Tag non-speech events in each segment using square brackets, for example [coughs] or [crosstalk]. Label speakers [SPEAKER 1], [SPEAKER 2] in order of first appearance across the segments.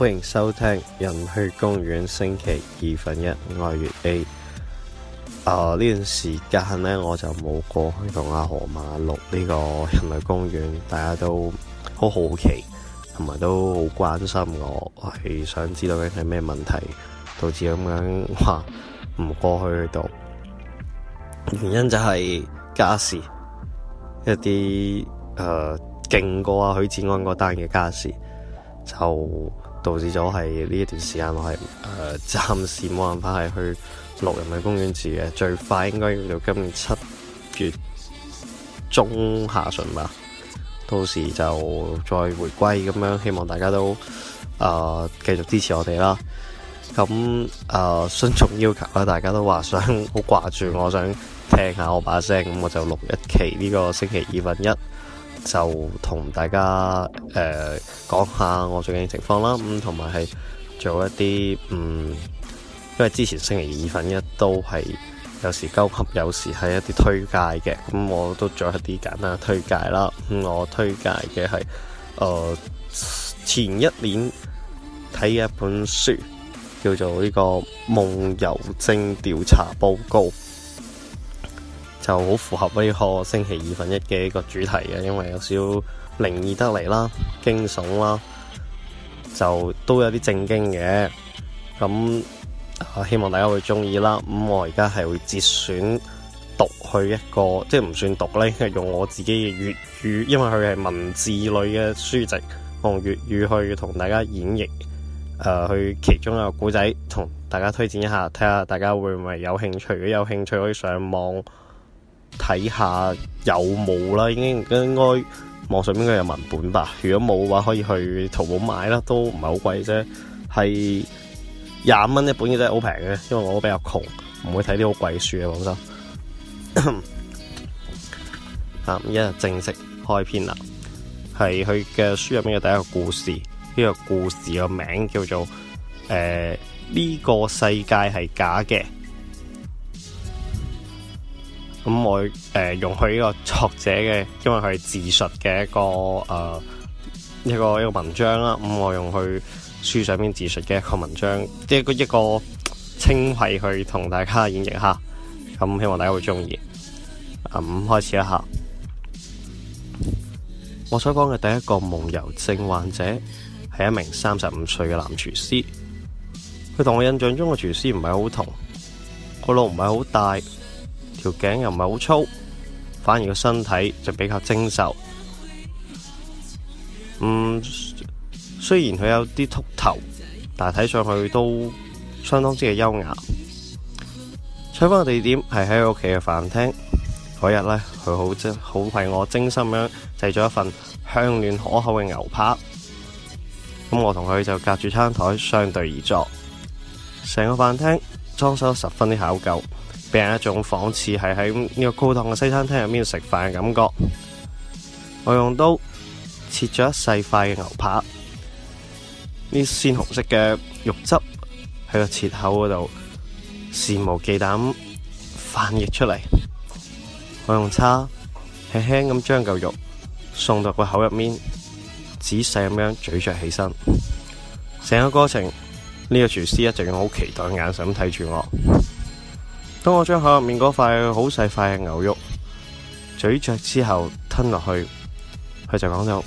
[SPEAKER 1] 歡迎收聽人去公園。星奇異分一愛粵 A 啊，呢、呃、段時間呢，我就冇過去同阿河馬錄呢個人類公園。大家都好好奇，同埋都好關心我，係想知道緊係咩問題導致咁樣話唔過去去度。原因就係家事，一啲誒、呃、勁過阿許志安嗰單嘅家事就。導致咗係呢一段時間我係誒、呃、暫時冇辦法係去錄人類嘅公園住嘅，最快應該要到今年七月中下旬喇。到時就再回歸咁樣，希望大家都、呃、繼續支持我哋啦。咁誒，遵、呃、從要求啦，大家都話想好掛住，想我想聽下我把聲，咁我就錄一期呢、這個星奇異分一，就同大家誒講、呃、下我最近嘅情況啦，咁同埋係做一啲嗯，因為之前星期二份一都係有時溝合，有時係一啲推介嘅，咁、嗯、我都做一啲簡單推介啦。咁、嗯、我推介嘅係誒前一年睇嘅一本書，叫做呢、這個《夢遊症調查報告》。就好符合呢個星期二分一嘅一個主題嘅，因為有少靈異得嚟啦，驚悚啦，就都有啲正經嘅咁。希望大家會中意啦。咁我而家係會節選讀佢一個，即係唔算讀呢，用我自己嘅粵語，因為佢係文字類嘅書籍，用粵語去同大家演繹誒，去、呃、其中一個古仔，同大家推薦一下，睇下大家會唔會有興趣？如果有興趣，可以上網。睇下有冇啦，應應該網上應該有文本吧。如果冇嘅話，可以去淘寶買啦，都唔係好貴啫，係廿蚊一本嘅，真係好平嘅。因為我都比較窮，唔會睇啲好貴嘅書嘅，放心。啊，咁 [coughs] 一正式開篇啦，係佢嘅書入面嘅第一個故事，呢、這個故事嘅名叫做誒呢、呃這個世界係假嘅。咁、嗯、我誒、呃、用佢呢個作者嘅，因為佢係自述嘅一個誒、呃、一個一個文章啦。咁、嗯、我用佢書上邊自述嘅一個文章，一個一個稱謂去同大家演繹下。咁、嗯、希望大家會中意。咁、嗯、開始一下，我所講嘅第一個夢遊症患者係一名三十五歲嘅男廚師。佢同我印象中嘅廚師唔係好同，個腦唔係好大。條頸又唔係好粗，反而個身體就比較精瘦。嗯，雖然佢有啲禿頭，但係睇上去都相當之嘅優雅。採訪嘅地點係喺佢屋企嘅飯廳。嗰日呢，佢好精，好為我精心咁樣製作一份香嫩可口嘅牛扒。咁我同佢就隔住餐台相對而坐。成個飯廳裝修十分之考究。俾人一種仿似係喺呢個高檔嘅西餐廳入面食飯嘅感覺。我用刀切咗一細塊嘅牛扒，呢鮮紅色嘅肉汁喺個切口嗰度肆無忌憚咁泛溢出嚟。我用叉輕輕咁將嚿肉送到個口入面，仔細咁樣咀嚼起身。成個過程，呢、這個廚師一直用好期待嘅眼神咁睇住我。當我將口入面嗰塊好細塊嘅牛肉,咀嚼之後,吞落去,佢就講到,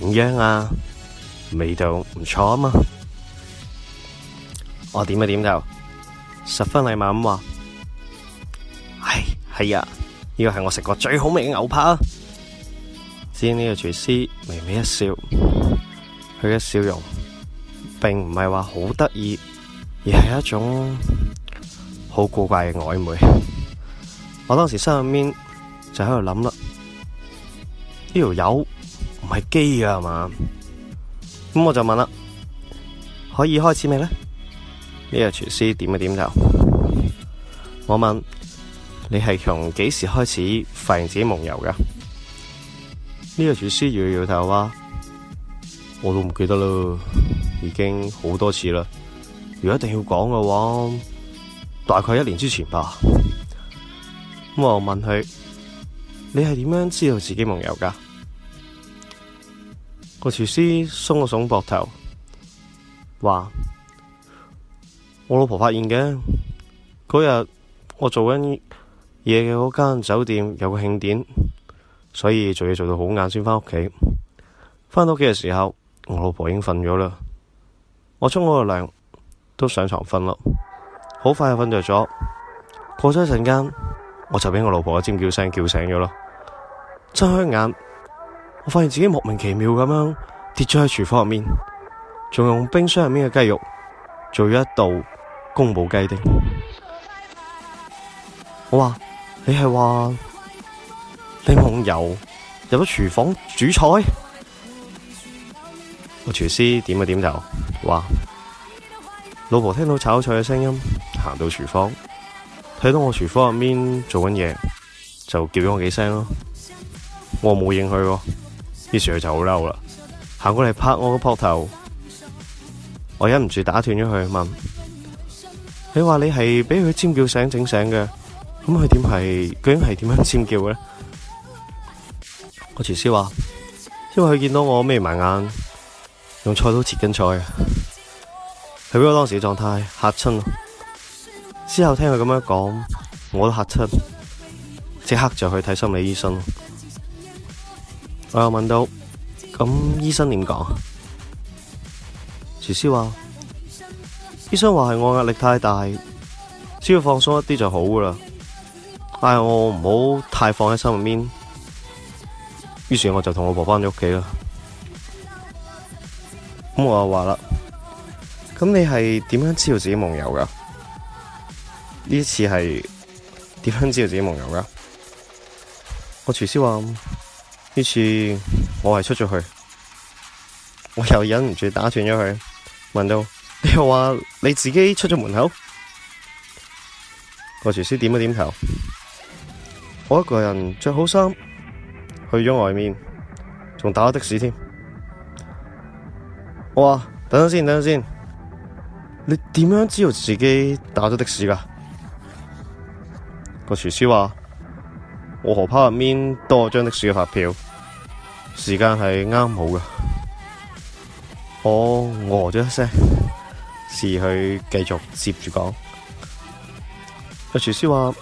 [SPEAKER 1] 點樣啊?味道,唔錯啊嘛?好古怪嘅曖昧， [laughs] 我當時心入面就喺度諗啦，呢條友唔係基啊嘛？咁我就問啦，可以開始未呢？呢個廚師點一點頭，我問你係從幾時開始發現自己夢遊嘅？呢個廚師搖搖頭話，我都唔記得咯，已經好多次啦，如果一定要講嘅話。大概一年之前吧。咁我問佢：你係點樣知道自己夢遊噶？個廚師鬆咗鬆膊頭，話：我老婆發現嘅。嗰日我做緊嘢嘅嗰間酒店有個慶典，所以做嘢做到好晏先翻屋企。翻到屋企嘅時候，我老婆已經瞓咗啦。我沖好個涼，都上床瞓咯。好快就瞓着咗，過咗一陣間，我就俾我老婆嘅尖叫聲叫醒咗咯。睜開眼，我發現自己莫名其妙咁樣跌咗喺廚房入面，仲用冰箱入面嘅雞肉做咗一道宮保雞丁。我話，你係話你夢遊入咗廚房煮菜？個廚師點一點頭，話，老婆聽到炒菜嘅聲音。行到廚房，睇到我廚房入面做緊嘢，就叫咗我幾聲咯。我冇應佢，於是佢就好嬲啦，行過嚟拍我個膊頭，我忍唔住打斷咗佢，問：佢話你係俾佢尖叫醒整醒嘅，咁佢點係？究竟係點樣尖叫嘅咧？我廚師話：因為佢見到我眯埋眼，用菜刀切緊菜，係俾我當時嘅狀態嚇親之後聽佢咁樣講，我都嚇親，即刻就去睇心理醫生。我又問到：咁醫生點講？廚師話：醫生話係我壓力太大，只要放鬆一啲就好噶啦。唉，我唔好太放喺心入面。於是我就同我婆返咗屋企啦。咁我就話啦：咁你係點樣知道自己夢遊㗎？」呢次係點樣知道自己夢遊㗎？」個廚師話呢次我係出咗去。我又忍唔住打斷咗佢，問到，你又話你自己出咗門口？個廚師點咗點頭。我一個人着好衫去咗外面，仲打咗的士添。我話，等等先，等等先，你點樣知道自己打咗的士㗎？」個廚師話：我荷包入面多咗張的士嘅發票，時間係啱好嘅。我哦咗一聲，示意佢繼續接住講。個廚師話：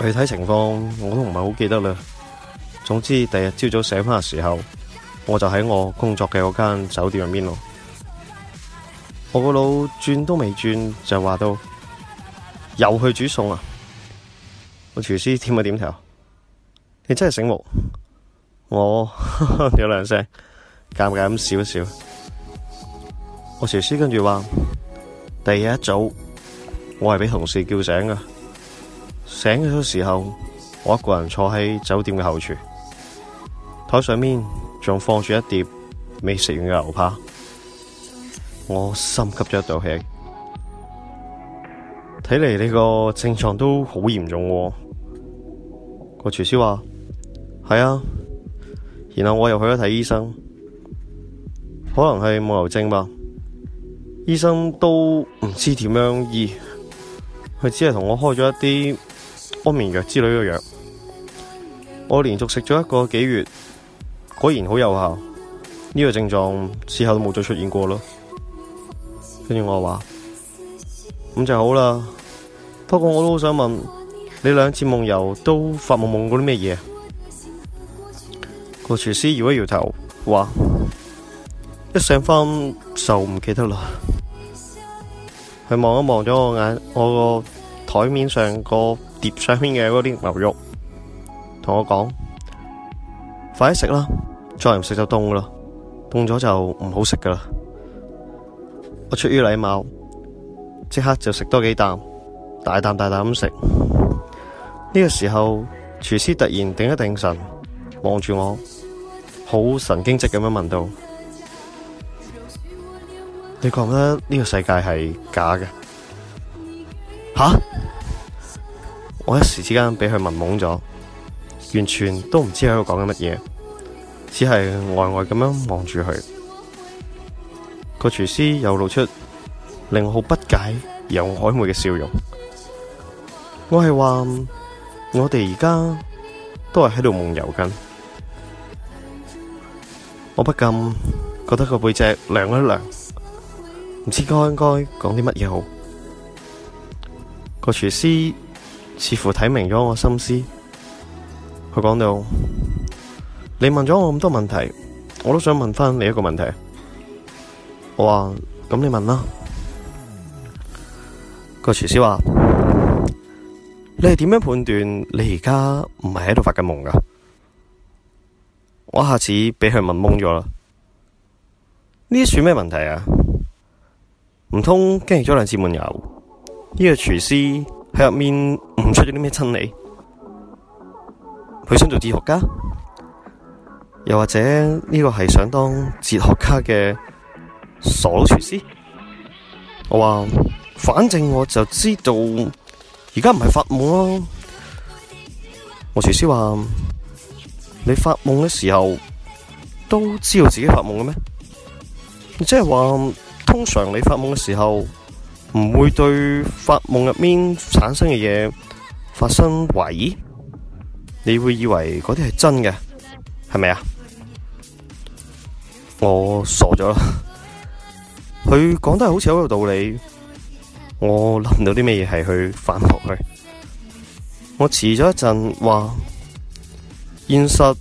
[SPEAKER 1] 具體情況我都唔係好記得啦。總之，第日朝早醒翻嘅時候，我就喺我工作嘅嗰間酒店入面咯。我個腦轉都未轉，就話到又去煮餸啊！我廚師點一點頭，你真係醒目。我呵呵有兩聲尷尬咁笑一笑。我廚師跟住話：第二日一早，我係俾同事叫醒嘅，醒咗時候，我一個人坐喺酒店嘅後廚，台上面仲放住一碟未食完嘅牛扒，我深吸咗一啖氣。睇嚟你個症狀都好嚴重喎、啊，個廚師話係啊，然後我又去咗睇醫生，可能係夢遊症吧，醫生都唔知點樣醫，佢只係同我開咗一啲安眠藥之類嘅藥，我連續食咗一個幾月，果然好有效，呢、這個症狀之後都冇再出現過咯，跟住我話咁就好啦。不過我都好想問你兩次夢遊都發夢夢過啲咩嘢？個 [noise] 廚師搖一搖頭，話一醒翻就唔記得啦。佢 [laughs] 望一望咗我眼，我個我台面上個碟上面嘅嗰啲牛肉，同我講 [noise] 快啲食啦，再唔食就凍㗎啦，凍咗就唔好食㗎啦。我出於禮貌，即刻就食多吃幾啖。大啖大啖咁食，呢、這個時候廚師突然定一定神，望住我，好神經質咁樣問道：你覺唔覺得呢個世界係假嘅？吓、啊！我一時之間俾佢問懵咗，完全都唔知喺度講緊乜嘢，只係呆呆咁樣望住佢。個廚師又露出令我好不解又曖昧嘅笑容。我係話，我哋而家都係喺度夢遊緊。我不禁覺得個背脊涼一涼，唔知該唔該講啲乜嘢好。個廚師似乎睇明咗我心思，佢講到：你問咗我咁多問題，我都想問返你一個問題我說。我話：咁你問啦。個廚師話。你係點樣判斷你而家唔係喺度發緊夢噶？我一下子俾佢問懵咗啦。呢啲算咩問題啊？唔通經歷咗兩次夢遊？呢、呢個廚師喺入面悟出咗啲咩真理？佢想做哲學家？又或者呢個係想當哲學家嘅傻佬廚師？我話，反正我就知道，而家唔係發夢咯，我，廚師話：你發夢嘅時候都知道自己發夢嘅咩？即係話通常你發夢嘅時候，唔會對發夢入面產生嘅嘢發生懷疑，你會以為嗰啲係真嘅，係咪啊？我傻咗啦，佢講得係好似好有道理。我諗唔到啲咩嘢係去反駁佢。我遲咗一陣話，現實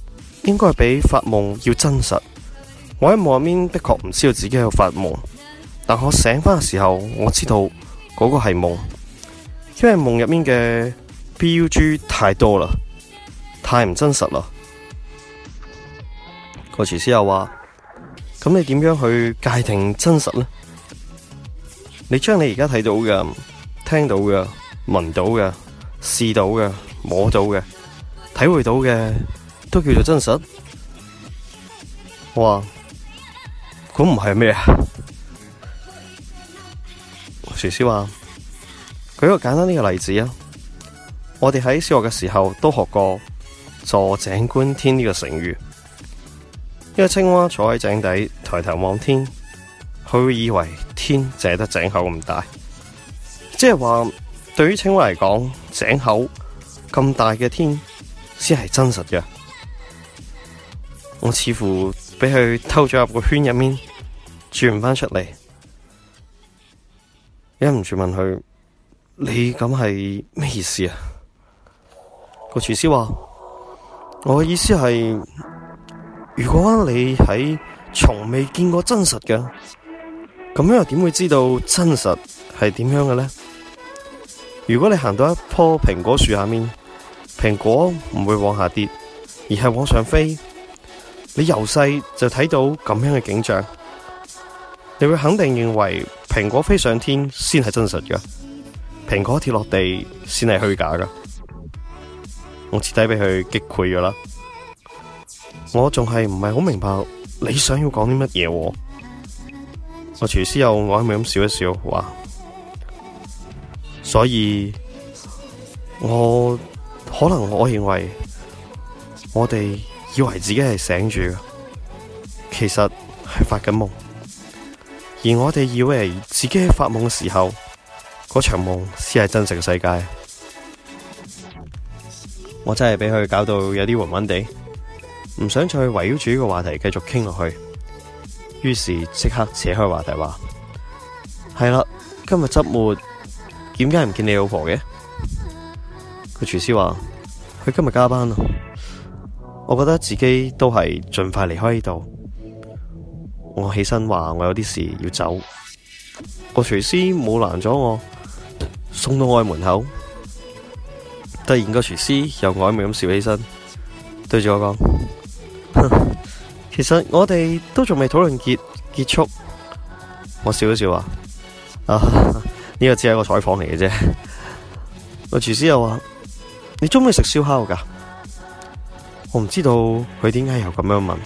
[SPEAKER 1] 應該係比發夢要真實。我喺夢入面的確唔知道自己喺度發夢，但我醒翻嘅時候我知道嗰個係夢，因為夢入面嘅 bug 太多啦，太唔真實啦。個廚師又話：咁你點樣去界定真實呢？你將你而家睇到嘅、聽到嘅、聞到嘅、試到嘅、摸到嘅、體會到嘅，都叫做真實。哇！咁唔係咩啊？佘師話：舉個簡單嘅例子啊，我哋喺小學嘅時候都學過坐井觀天呢個成語。一個青蛙坐喺井底抬頭望天，佢會以為，天淨得井口咁大，即係話對於青蛙嚟講，井口咁大嘅天先係真實嘅。我似乎俾佢偷咗入個圈入面，轉唔翻出嚟，忍唔住問佢，你咁係咩意思啊？個廚師話，我嘅意思係，如果你喺從未見過真實嘅。咁樣又點會知道真實係點樣嘅咧？如果你行到一棵蘋果樹下面，蘋果唔會往下跌，而係往上飛，你由細就睇到咁樣嘅景象，你會肯定認為蘋果飛上天先係真實㗎，蘋果跌落地先係虛假㗎。我徹底俾佢擊潰咗啦，我仲係唔係好明白你想要講啲乜嘢喎？我廚師又曖昧咁笑一笑，話，所以我可能可我認為，我哋以為自己係醒住，其實係發緊夢，而我哋以為自己喺發夢嘅時候，嗰場夢先係真實嘅世界。我真係俾佢搞到有啲暈暈哋，唔想再圍繞住呢個話題繼續傾落去。於是即刻扯開話題話：係啦，今日執活，點解唔見你老婆嘅？個廚 [laughs] 師話：佢今日加班啊。」我覺得自己都係盡快離開呢度。我起身話：我有啲事要走。個廚師冇攔阻我，送到我去門口。突然個廚師又曖昧咁笑起身，對住我講：，哼。 [laughs] 其實我哋都仲未討論結結束，我笑一笑話：，呢、啊這個只係一個採訪嚟嘅啫。個 [laughs] 廚師又話：，你中唔中意食燒烤噶？我唔知道佢點解又咁樣問，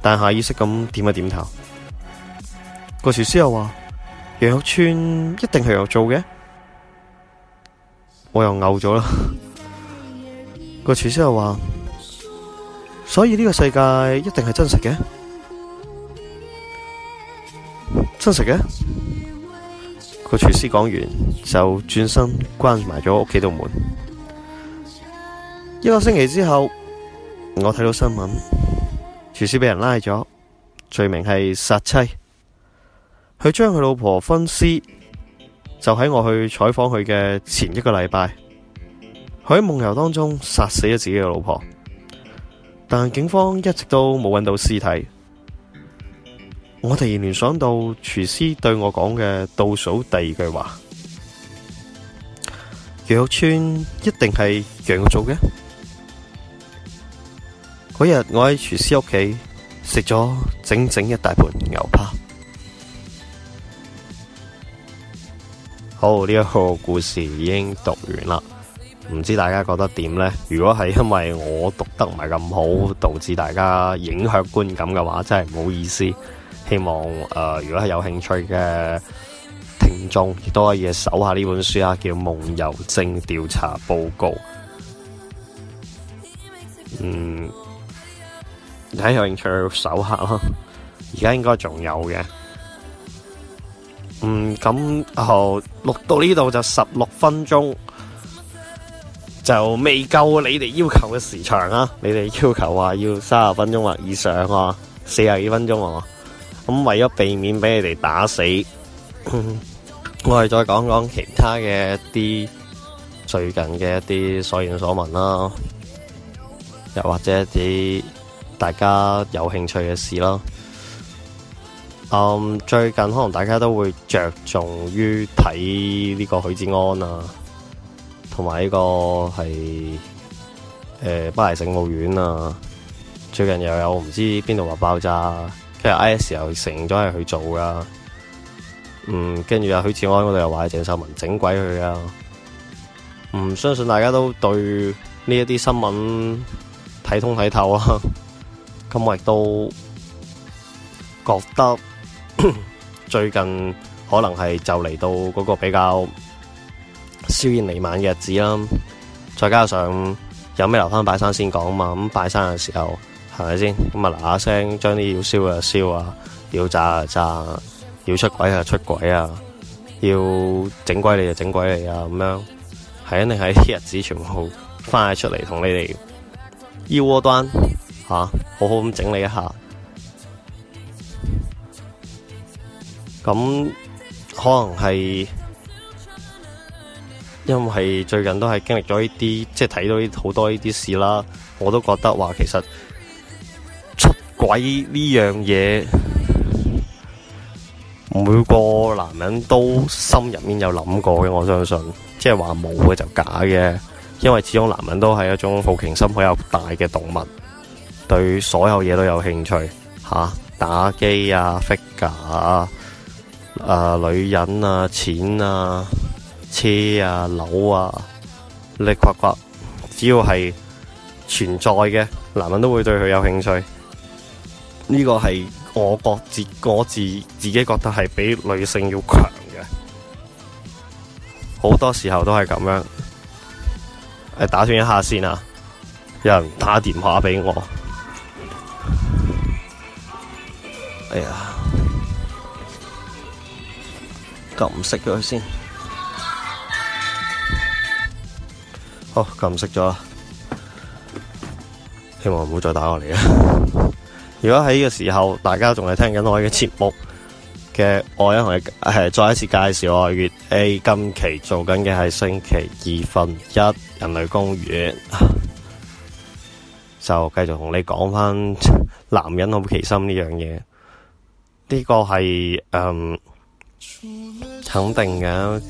[SPEAKER 1] 但下意識咁點一點頭。個廚師又話：，羊肉串一定係有做嘅，我又嘔咗啦。個 [laughs] 廚師又話。所以呢個世界一定係真實嘅，真實嘅。個廚師講完就轉身關埋咗屋企度門。一個星期之後，我睇到新聞，廚師畀人拉咗，罪名係殺妻。佢將佢老婆分屍，就喺我去採訪佢嘅前一個禮拜，佢喺夢遊當中殺死咗自己嘅老婆。但警方一直都冇搵到屍體，我突然聯想到廚師對我講嘅倒數第二句話：羊肉串一定係羊肉做嘅。嗰日我喺廚師屋企食咗整整一大盤牛扒。好，呢、這、一個故事已經讀完啦。唔知大家覺得點呢？如果係因為我讀得唔係咁好，導致大家影響觀感嘅話，真係唔好意思。希望誒、呃，如果係有興趣嘅聽眾，亦都可以搜下呢本書啊，叫《夢遊症調查報告》。嗯，睇有興趣搜下咯。而家應該仲有嘅。嗯，咁好，錄、哦、到呢度就十六分鐘就未夠你哋要求嘅時長啊！你哋要求話要三十分鐘或以上啊，四十幾分鐘啊！咁為咗避免俾你哋打死， [laughs] 我哋再講講其他嘅一啲最近嘅一啲所見所聞啦，又或者啲大家有興趣嘅事啦。嗯，最近可能大家都會着重於睇呢個許志安啊。同埋呢個係誒、呃、巴黎聖母院啊，最近又有唔知邊度話爆炸，跟住 I S 又承認咗係佢做噶嗯，跟住阿許志安嗰度又話鄭秀文整鬼佢啊，唔、嗯、相信大家都對呢一啲新聞睇通睇透啊，咁我亦都覺得 [coughs] 最近可能係就嚟到嗰個比較。消然彌晚嘅日子啦，再加上有咩留翻拜山先講嘛，咁拜山嘅時候係咪先？咁啊嗱聲將啲要燒啊燒啊，要炸啊炸，要出軌啊出軌啊，要整鬼你就整鬼你啊咁樣，係一定係啲日子全部翻晒出嚟同你哋腰窩端吓、啊，好好咁整理一下，咁可能係。因為最近都係經歷咗呢啲，即係睇到好多呢啲事啦，我都覺得話其實出軌呢樣嘢，每個男人都心入面有諗過嘅，我相信，即係話冇嘅就假嘅，因為始終男人都係一種好奇心好有大嘅動物，對所有嘢都有興趣，吓打機啊、figure 啊、誒、呃、女人啊、錢啊。車啊，樓啊，力垮垮，只要係存在嘅，男人都會對佢有興趣。呢、這個係我個自，我自自己覺得係比女性要強嘅。好多時候都係咁樣。嚟打斷一下先啊！有人打電話俾我。哎呀，咁唔熄咗佢先。哦，撳熄咗啦！希望唔好再打過嚟啊！如果喺呢個時候大家仲係聽緊我嘅節目嘅，我一係係再一次介紹我月 A，今期做緊嘅係星期二、分一人類公園，就繼續同你講翻男人好奇心呢樣嘢，呢個係誒肯定嘅。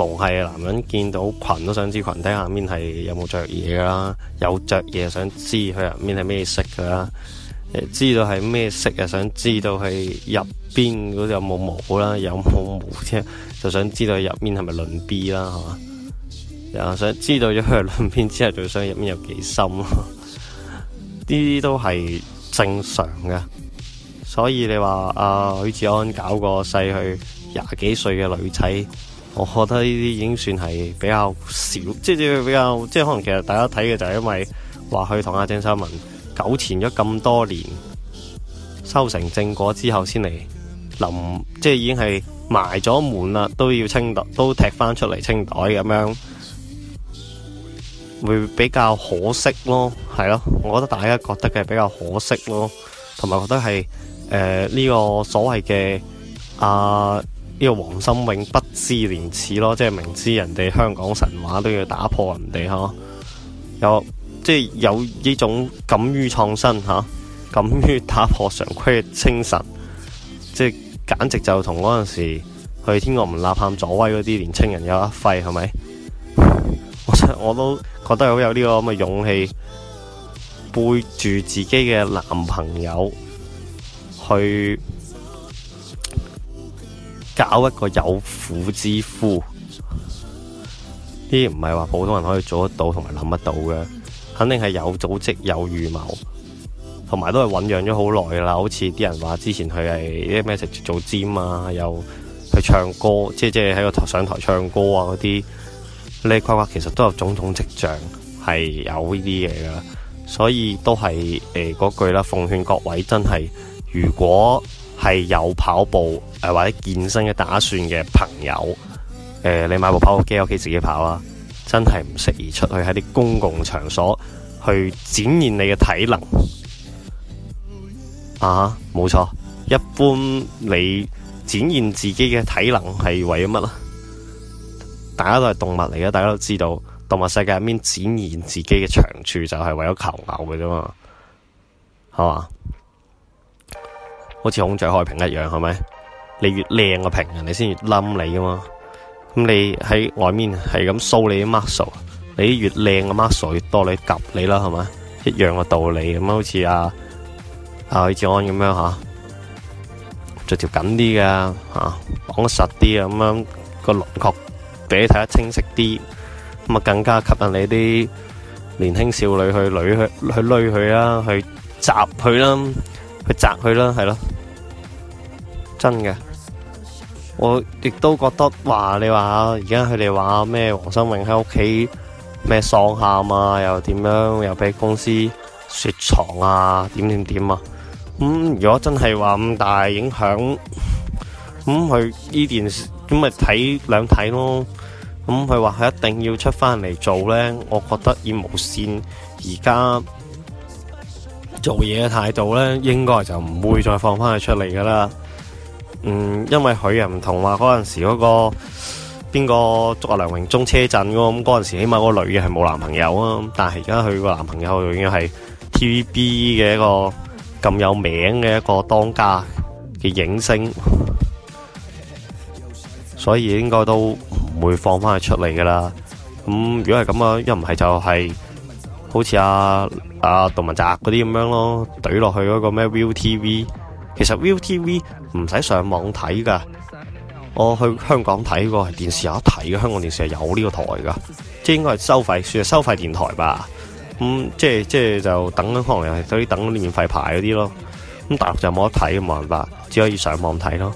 [SPEAKER 1] 冇係，男人見到裙都想知裙底下面係有冇着嘢㗎啦，有着嘢想知佢入面係咩色噶啦，知道係咩色啊，想知道佢入邊嗰度有冇毛啦，有冇毛啫，就想知道入面係咪輪 B 啦，係嘛，又想知道咗佢輪片之後，最想入面有幾深，呢啲都係正常嘅。所以你話阿、呃、許志安搞個細佢廿幾歲嘅女仔。我覺得呢啲已經算係比較少，即係比較即係可能其實大家睇嘅就係因為話佢同阿鄭秀文糾纏咗咁多年，修成正果之後先嚟臨，即係已經係埋咗門啦，都要清袋，都踢翻出嚟清袋咁樣，會比較可惜咯，係咯，我覺得大家覺得嘅比較可惜咯，同埋覺得係誒呢個所謂嘅啊。呃呢、這個黃心穎不知廉恥咯，即係明知人哋香港神話都要打破人哋呵，有即係有呢種敢於創新嚇、敢於打破常規嘅精神，即係簡直就同嗰陣時去天安門吶喊左威嗰啲年青人有一廢係咪？我真我都覺得好有呢個咁嘅勇氣，背住自己嘅男朋友去。搞一個有苦之夫，呢啲唔係話普通人可以做得到同埋諗得到嘅，肯定係有組織有預謀，同埋都係醖釀咗好耐噶啦。好似啲人話之前佢係啲咩食做 gym 啊，又去唱歌，即係喺個台上台唱歌啊嗰啲呢？誇誇其實都有種種跡象係有呢啲嘢噶，所以都係嗰句啦，奉勸各位真係，如果。係有跑步誒、呃、或者健身嘅打算嘅朋友，誒、呃、你買部跑步機喺屋企自己跑啦，真係唔適宜出去喺啲公共場所去展現你嘅體能啊！冇錯，一般你展現自己嘅體能係為咗乜？大家都係動物嚟嘅，大家都知道動物世界入面展現自己嘅長處就係為咗求偶嘅啫嘛，係嘛？好似孔雀開屏一樣，係咪？你越靚個屏，人哋先越冧你噶嘛。咁你喺外面係咁 show 你啲 muscle，你越靚嘅 muscle 越多，你夾你啦，係咪？一樣嘅道理咁啊，好似阿阿許志安咁樣吓，着條緊啲噶吓，綁實啲啊，咁樣個輪廓俾你睇得清晰啲，咁啊更加吸引你啲年輕少女去女去去累佢啦，去摘佢啦，去摘佢啦，係咯。真嘅，我亦都覺得話你話而家佢哋話咩黃心穎喺屋企咩喪喊啊，又點樣又俾公司雪藏啊，點點點啊，咁、嗯、如果真係話咁大影響，咁佢呢件事，咁咪睇兩睇咯，咁佢話佢一定要出翻嚟做咧，我覺得以無線而家做嘢嘅態度咧，應該就唔會再放翻佢出嚟噶啦。嗯，因為佢又唔同話嗰陣時嗰、嗰個邊個捉阿梁榮忠車震咁，嗰陣時起碼嗰個女嘅係冇男朋友啊，但係而家佢個男朋友又係 TVB 嘅一個咁有名嘅一個當家嘅影星，所以應該都唔會放翻佢出嚟噶啦。咁、嗯、如果係咁啊，一唔係就係好似阿阿杜汶澤嗰啲咁樣咯，懟落去嗰個咩 ViuTV，其實 ViuTV。唔使上網睇㗎，我去香港睇喎，電視有得睇嘅，香港電視係有呢個台㗎，即係應該係收費，算係收費電台吧。咁、嗯、即係即係就等可能又係等啲免費牌嗰啲咯。咁大陸就冇得睇，冇辦法，只可以上網睇咯。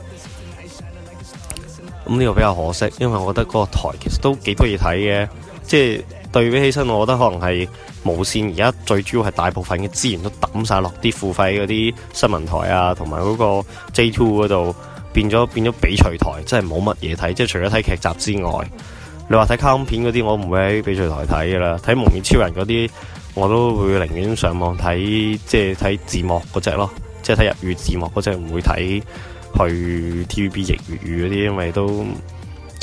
[SPEAKER 1] 咁呢個比較可惜，因為我覺得嗰個台其實都幾多嘢睇嘅，即係對比起身，我覺得可能係。無線而家最主要係大部分嘅資源都抌晒落啲付費嗰啲新聞台啊，同埋嗰個 J2 嗰度變咗變咗比賽台，真係冇乜嘢睇。即係除咗睇劇集之外，你話睇卡通片嗰啲，我唔會喺比賽台睇噶啦。睇蒙面超人嗰啲，我都會寧願上網睇，即係睇字幕嗰隻咯。即係睇日語字幕嗰隻，唔會睇去 TVB 譯粵語嗰啲，因為都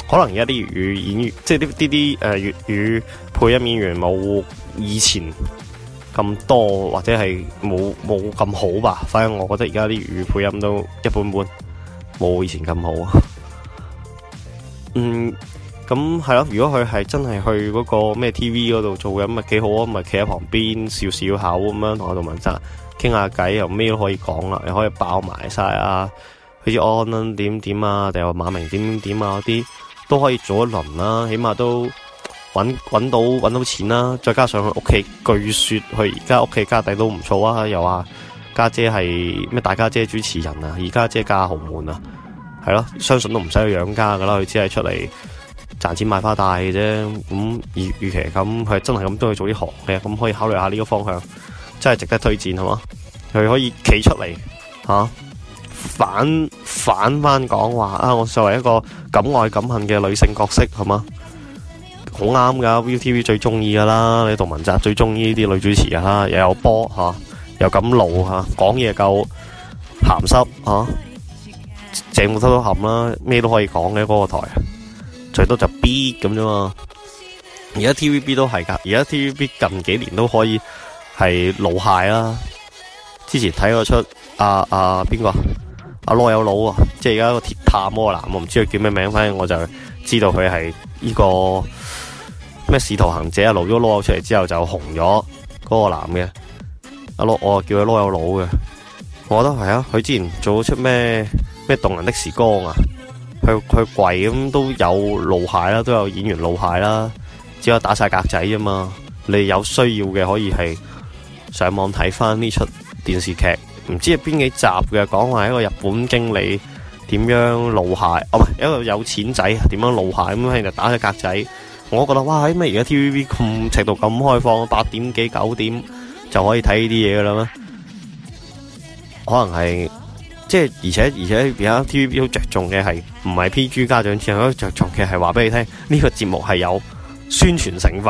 [SPEAKER 1] 可能而家啲粵語演員，即係啲啲啲誒粵語配音演員冇。以前咁多或者係冇冇咁好吧，反正我覺得而家啲粵語配音都一般般，冇以前咁好啊。嗯，咁係咯，如果佢係真係去嗰個咩 TV 嗰度做嘅，咁咪幾好啊，咪企喺旁邊笑笑口咁樣同我同汶澤傾下偈，又咩都可以講啦，又可以爆埋晒啊，好似安點點啊，定係馬明點點點啊嗰啲都可以做一輪啦，起碼都。搵到揾到錢啦、啊，再加上佢屋企，據說佢而家屋企家底都唔錯啊！又話家姐係咩大家姐主持人啊，而家姐係嫁豪門啊，係咯、啊，相信都唔使去養家噶啦，佢只係出嚟賺錢買花戴嘅啫。咁預預期咁，佢真係咁鍾意做啲行嘅，咁可以考慮下呢個方向，真係值得推薦係嘛？佢可以企出嚟吓、啊，反反翻講話啊！我作為一個敢愛敢恨嘅女性角色，係嘛？好啱噶，V T V 最中意噶啦。你杜汶澤最中意呢啲女主持啊，又有波吓、啊，又咁露，吓、啊，講嘢夠咸濕吓，整部、啊、都都冚啦，咩都可以講嘅嗰個台，最多就 B 咁啫嘛。而家 T V B 都係噶，而家 T V B 近幾年都可以係老械啦。之前睇過出啊，啊邊個、啊、阿羅有佬啊，即係而家個鐵探嗰個男。我唔知佢叫咩名，反正我就知道佢係呢個。咩使徒行者啊！露咗囉柚出嚟之後就紅咗，嗰個男嘅，阿樂我叫佢囉柚佬嘅，我覺得係啊。佢、哎、之前做咗出咩咩動人的時光啊，佢佢貴咁都有露鞋啦，都有演員露鞋啦，只有打晒格仔啊嘛。你有需要嘅可以係上網睇翻呢出電視劇，唔知係邊幾集嘅，講話一個日本經理點樣露鞋，哦唔係一個有錢仔點樣露鞋，咁樣就打晒格仔。我覺得哇，因為而家 TVB 咁尺度咁開放，八點幾九點就可以睇呢啲嘢噶啦咩？可能係即係，而且而且而家 TVB 好着重嘅係唔係 PG 家長節，而家着重嘅係話俾你聽，呢個節目係有宣傳成分，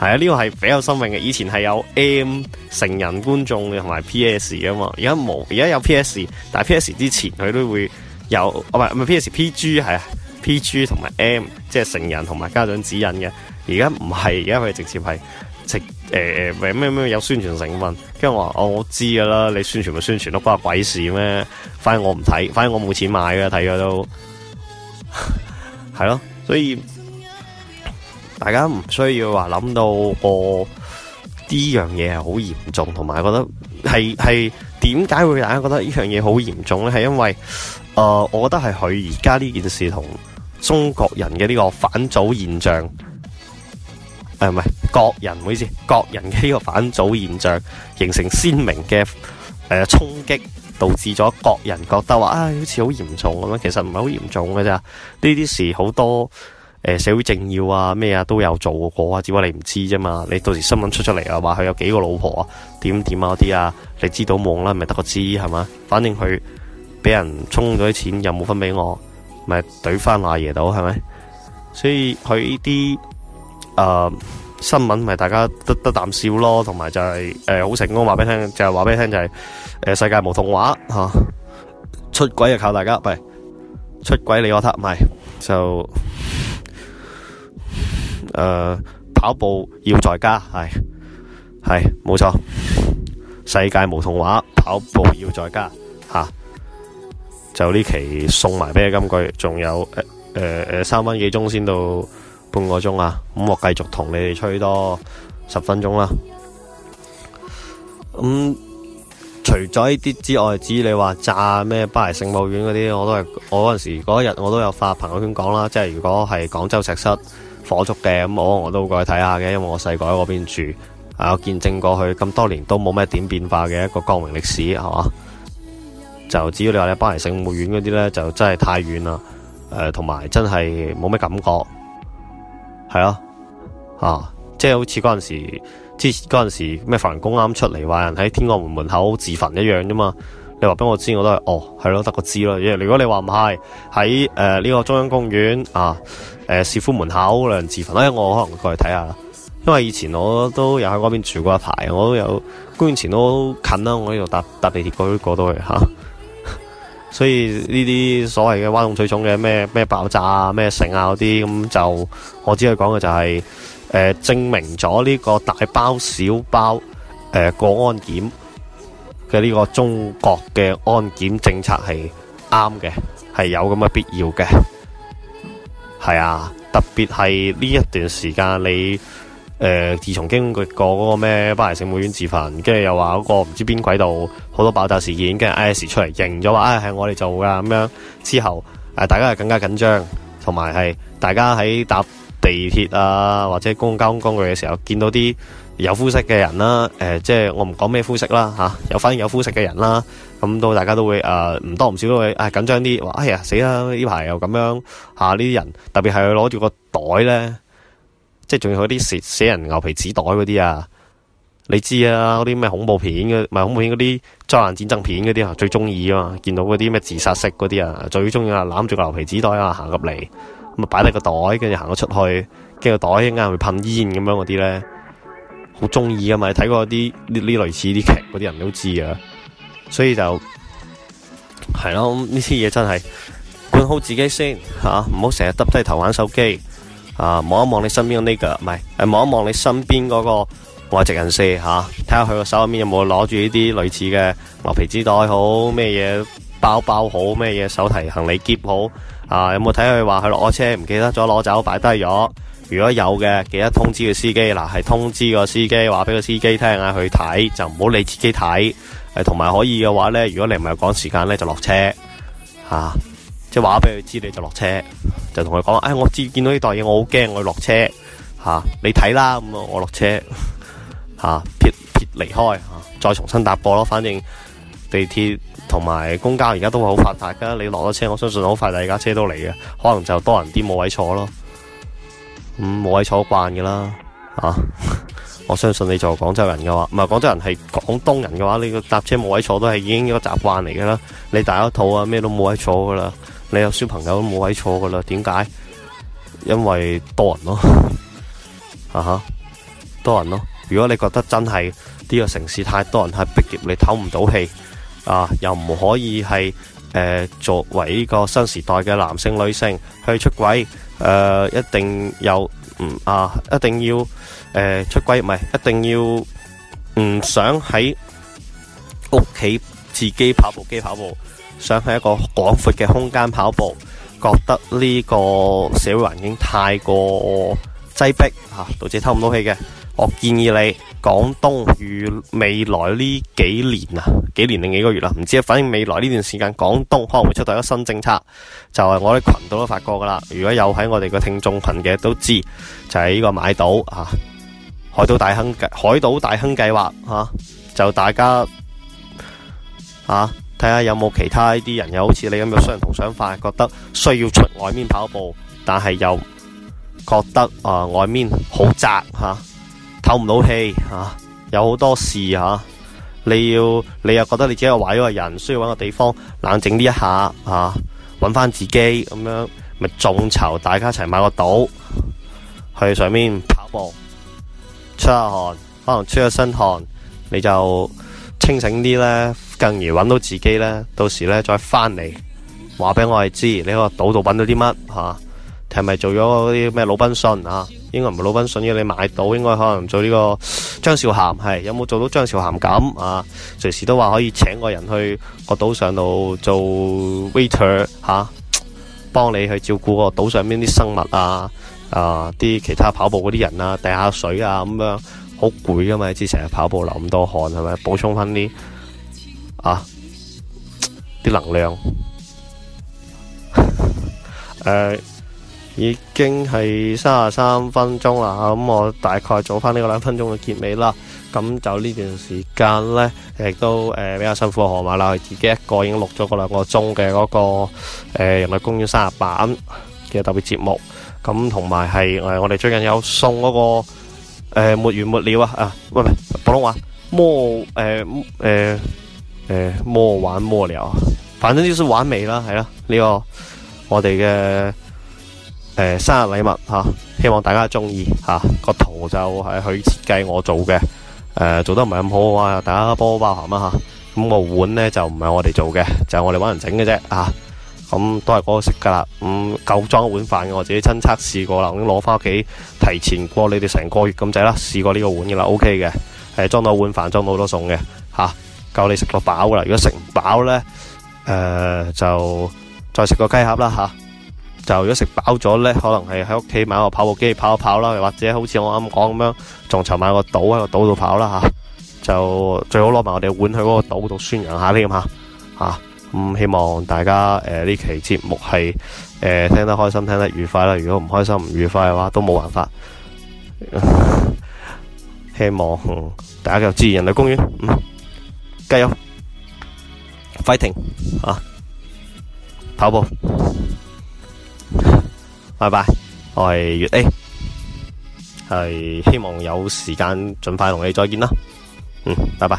[SPEAKER 1] 係 [laughs] 啊，呢個係比較新穎嘅。以前係有 M 成人觀眾嘅同埋 PS 啊嘛，而家冇，而家有 PS，但係 PS 之前佢都會有，唔係唔係 PS PG 係啊。P.G. 同埋 M，即係成人同埋家長指引嘅。而家唔係，而家佢直接係直誒咩咩有宣傳成分。跟住我話，哦，我知噶啦，你宣傳咪宣傳咯，關我鬼事咩？反正我唔睇，反正我冇錢買嘅，睇咗都係咯。 [laughs] 所以大家唔需要話諗到我呢樣嘢係好嚴重，同埋覺得係係點解會大家覺得呢樣嘢好嚴重咧？係因為誒、呃，我覺得係佢而家呢件事同。中國人嘅呢個反祖現象，誒唔係國人，唔好意思，國人嘅呢個反祖現象形成鮮明嘅誒衝擊，導致咗國人覺得話啊，好似好嚴重咁樣，其實唔係好嚴重嘅咋。這些」呢啲事好多誒社會政要啊咩啊都有做過啊，只不過你唔知啫嘛。你到時新聞出出嚟啊，話佢有幾個老婆怎樣怎樣啊，點點啊啲啊，你知道冇啦，咪得個知係嘛？反正佢俾人充咗啲錢，又冇分俾我。咪懟翻阿爺到係咪？所以佢呢啲誒新聞咪大家得得啖笑咯，同埋就係誒好成功話俾你聽，就係話俾你聽就係、是、誒、呃、世界無童話吓、啊，出軌就靠大家，唔係出軌你我得，唔係就誒、呃、跑步要在家係係冇錯，世界無童話，跑步要在家。就呢期送埋俾金句仲有誒誒、呃、三蚊幾鐘先到半個鐘啊！咁我繼續同你哋吹多十分鐘啦。咁、嗯、除咗呢啲之外，至於你話炸咩巴黎聖母院嗰啲，我都係我嗰陣時嗰日我都有發朋友圈講啦，即係如果係廣州石室火燭嘅，咁我我都會過去睇下嘅，因為我細個喺嗰邊住、啊，我見證過去咁多年都冇咩點變化嘅一個光榮歷史，係嘛？就只要你話你巴黎聖母院嗰啲咧，就真係太遠啦。誒、呃，同埋真係冇咩感覺，係咯、啊，啊，即係好似嗰陣時，之前嗰陣時咩法輪功啱出嚟，話人喺天安門門口自焚一樣啫嘛。你話俾我知，我都係哦，係咯、啊，得個知咯。如果，如果你話唔係喺誒呢個中央公園啊，誒市府門口有人自焚，誒、哎，我可能過去睇下啦。因為以前我都有喺嗰邊住過一排，我都有公園前都近啦，我呢度搭搭地鐵過過到去吓。啊所以呢啲所謂嘅嘩眾取寵嘅咩咩爆炸啊咩成啊嗰啲咁就，我只係講嘅就係、是，誒、呃、證明咗呢個大包小包誒過、呃、安檢嘅呢個中國嘅安檢政策係啱嘅，係有咁嘅必要嘅，係啊，特別係呢一段時間你。誒、呃，自從經過嗰個咩巴黎聖母院自焚，跟住又話嗰個唔知邊鬼度好多爆炸事件，跟住 I S 出嚟認咗話係我哋做噶咁樣，之後、呃、大家係更加緊張，同埋係大家喺搭地鐵啊或者公共交通工具嘅時候，見到啲有膚色嘅人啦、啊，誒、呃、即係我唔講咩膚色啦、啊、有反應有膚色嘅人啦、啊，咁都大家都會誒唔、呃、多唔少都會啊、哎、緊張啲，話哎呀死啦！呢排又咁樣嚇呢啲人，特別係攞住個袋咧。即係仲有嗰啲死人牛皮紙袋嗰啲啊，你知啊，嗰啲咩恐怖片唔係恐怖片嗰啲災難戰爭片嗰啲啊，最中意啊，見到嗰啲咩自殺式嗰啲啊，最中意啊，攬住個牛皮紙袋啊，行入嚟，咁啊擺低個袋，跟住行咗出去，跟住個袋一陣間會噴煙咁樣嗰啲咧，好中意啊嘛，你睇過啲呢類似啲劇嗰啲人都知啊，所以就係咯，呢啲嘢真係管好自己先吓，唔好成日耷低頭玩手機。啊！望一望你身邊嘅呢個，唔係，誒，望一望你身邊嗰個外籍人士吓，睇下佢個手入面有冇攞住呢啲類似嘅牛皮紙袋好，咩嘢包包好，咩嘢手提行李篋好，啊，有冇睇佢話佢落車唔記得咗攞走，擺低咗？如果有嘅，記得通知個司機，嗱，係通知個司機，話俾個司機聽下去睇就唔好你自己睇，誒，同埋可以嘅話呢，如果你唔係趕時間呢，就落車，吓。即係話俾佢知，你就落車，就同佢講話。哎，我知見到呢袋嘢，我好驚，我要落車嚇、啊。你睇啦，咁啊，我落車嚇，撇撇離開嚇、啊，再重新搭過咯。反正地鐵同埋公交而家都好發達噶。你落咗車，我相信好快大家架車都嚟嘅，可能就多人啲冇位坐咯。咁、嗯、冇位坐慣㗎啦，嚇、啊啊！我相信你做廣州人嘅話，唔係廣州人係廣東人嘅話，你搭車冇位坐都係已經一個習慣嚟嘅啦。你大家肚啊咩都冇位坐嘅啦。你有小朋友都冇位坐噶啦？點解？因為多人咯，啊哈，多人咯。如果你覺得真係呢個城市太多人，係逼仄，你唞唔到氣啊，又唔可以係誒作為呢個新時代嘅男性女性去出軌誒，一定有唔啊，一定要誒出軌唔係，一定要唔想喺屋企自己跑步機跑步。想去一個廣闊嘅空間跑步，覺得呢個社會環境太過擠迫，吓導致唞唔到氣嘅。我建議你廣東與未來呢幾年啊，幾年定幾個月啦，唔知啊，反正未來呢段時間，廣東可能會出台一新政策，就係、是、我啲群度都、都發過噶啦。如果有喺我哋個聽眾群嘅都知，就係、是、呢個買島啊，海島大亨計，海島大亨計劃吓，就大家啊。睇下有冇其他啲人，又好似你咁嘅相同想法，覺得需要出外面跑步，但係又覺得啊、呃、外面好窄吓、啊，透唔到氣吓，有好多事吓、啊，你要你又覺得你自己又壞咗個人，需要搵個地方冷靜啲一,一下吓，搵、啊、翻自己咁樣，咪眾籌大家一齊買個島去上面跑步，出一下汗，可能出咗身汗，你就，清醒啲呢，更易揾到自己呢。到時呢，再翻嚟，話俾我哋知你個島度揾到啲乜嚇？係、啊、咪做咗嗰啲咩魯賓遜啊？應該唔係魯賓遜，要你買島，應該可能做呢個張韶涵係。有冇做到張韶涵咁啊？隨時都話可以請個人去個島上度做 waiter 嚇、啊，幫你去照顧個島上邊啲生物啊，啊啲其他跑步嗰啲人啊，掟下水啊咁樣。好攰噶嘛，之前日跑步流咁多汗係咪？補充翻啲啊啲能量。誒，已經係三十三分鐘啦，咁我大概做翻呢個兩分鐘嘅結尾啦。咁就呢段時間咧，亦都誒比較辛苦嘅河馬啦，自己一個已經錄咗個兩個鐘嘅嗰個誒人類公園三十八嘅特別節目。咁同埋係誒我哋最近有送嗰個。誒，沒完沒了啊！啊，喂，係普通話，魔誒誒誒，摸欸欸、摸玩莫了，反正就是玩完啦，係啦。呢、這個我哋嘅誒生日禮物吓、啊，希望大家中意吓。個、啊、圖就係佢設計我做嘅，誒、啊、做得唔係咁好嘅話，大家幫我包含啊吓。咁、那個碗咧就唔係我哋做嘅，就係我哋搵、就是、人整嘅啫啊。咁、嗯、都係嗰個色噶啦，咁夠裝一碗飯嘅，我自己親測試過啦，我已經攞翻屋企提前過你哋成個月咁滯啦，試過呢個碗噶啦，OK 嘅，係裝到一碗飯，裝到好多餸嘅，吓、啊、夠你食到飽啦。如果食唔飽咧，誒、呃、就再食個雞盒啦吓、啊。就如果食飽咗咧，可能係喺屋企買個跑步機跑一跑啦，或者好似我啱講咁樣，仲籌埋個島喺個島度跑啦吓、啊。就最好攞埋我哋碗去嗰個島度宣揚下呢咁吓，吓、啊。啊。咁、嗯、希望大家誒呢、呃、期節目係誒、呃、聽得開心，聽得愉快啦。如果唔開心唔愉快嘅話，都冇辦法。 [laughs] 希望、嗯、大家繼續支持人類公園，嗯，加油，fighting 啊！跑步，拜拜。我係粵 A，係希望有時間盡快同你再見啦。嗯，拜拜。